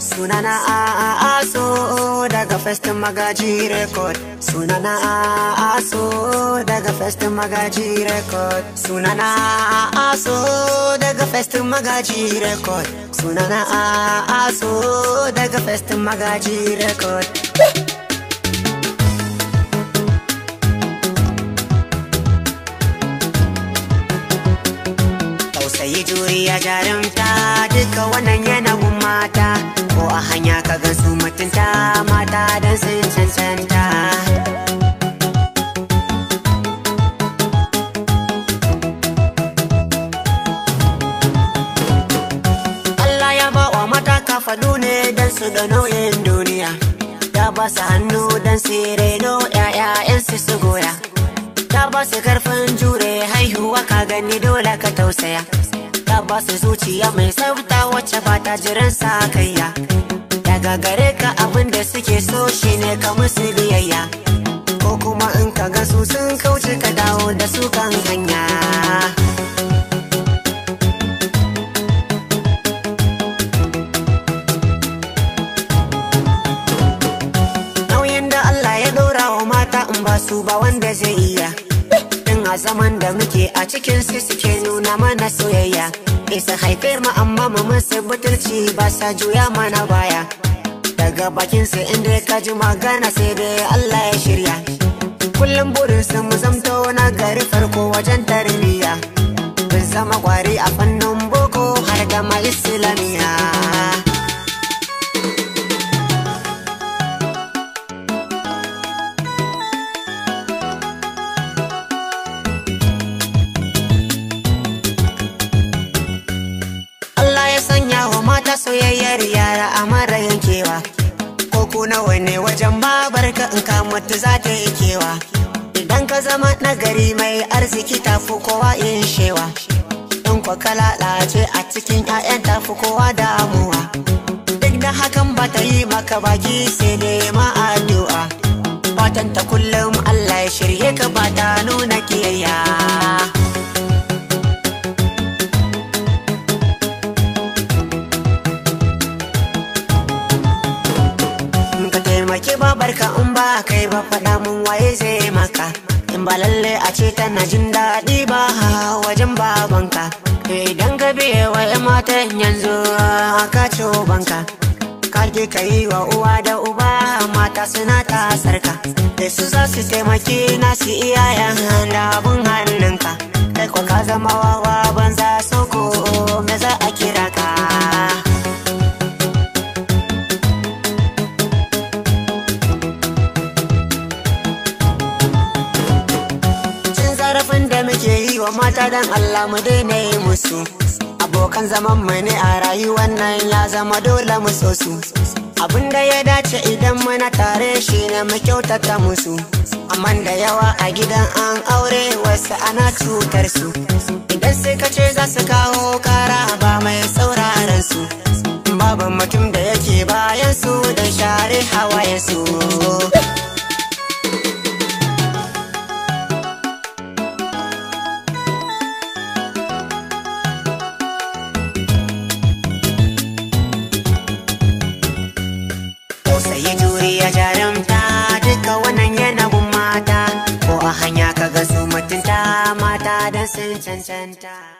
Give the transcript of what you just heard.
sunana a so daga first magaji record sunana a so daga first magaji record sunana a so daga first magaji record sunana a so daga festin magaji record juriya jarumta duka wannan yana da Allah ya bawa wa faɗu ne don su ga nauyin duniya ya ba su hannu Dan su reno ‘ya'ya'yansu su goya ta ba su karfin jure haihuwa ka gani dole ka tausaya ta ba su zuciya mai sauta wacce ba jiran sa kaiya daga gare suke so ne ka musu biyayya ko kuma in ka ga su sun kauce ka dawo da su kan hanya nauyin da Allah ya ɗora wa mata in ba su ba wanda zai iya in a zaman da muke a cikin su suke nuna mana soyayya isa haifar mu amma mu musu butulci ba sa juya mana baya daga bakin bakinsa inda ka ji magana sai dai Allah ya shirya kullum sun mu zamto na gari farko wajen tarbiyya bin zama kwari a fannin boko har da islamiyya Allah ya sanya wa mata soyayyar yara a ku nawa ne wajen babarka in kamata za ta yi kewa idan ka zama nagari mai arziki tafi kowa yin shewa in kwa ka lalace a cikin 'ya'yan tafi kowa damuwa duk da hakan ba ta yi maka baki sai ne ma addu'a fatan ta kullum Allah ya shirye ka ba ta nuna kiyayya faɗa mun waye zai maka in ba lalle a ce tana jin daɗi ba wajen babanka idan ka biye wa mata yanzu ka ci banka kage ka yi wa uwa da uba mata suna ta sarka da su za su taimaki nasu iyayen da abin hannunka kai kwa ka zama wawa banza wa mata dan Allah mu daina yi musu abokan zaman mai ne a rayuwar nan ya zama dole mu so su abin da ya dace idan muna tare shi ne mu kyautata musu amma da yawa a gidan an aure wasu ana cutar su idan ka ce za su kawo kara ba mai sauraron su babu mutum da yake bayan su da share hawayen su and, uh,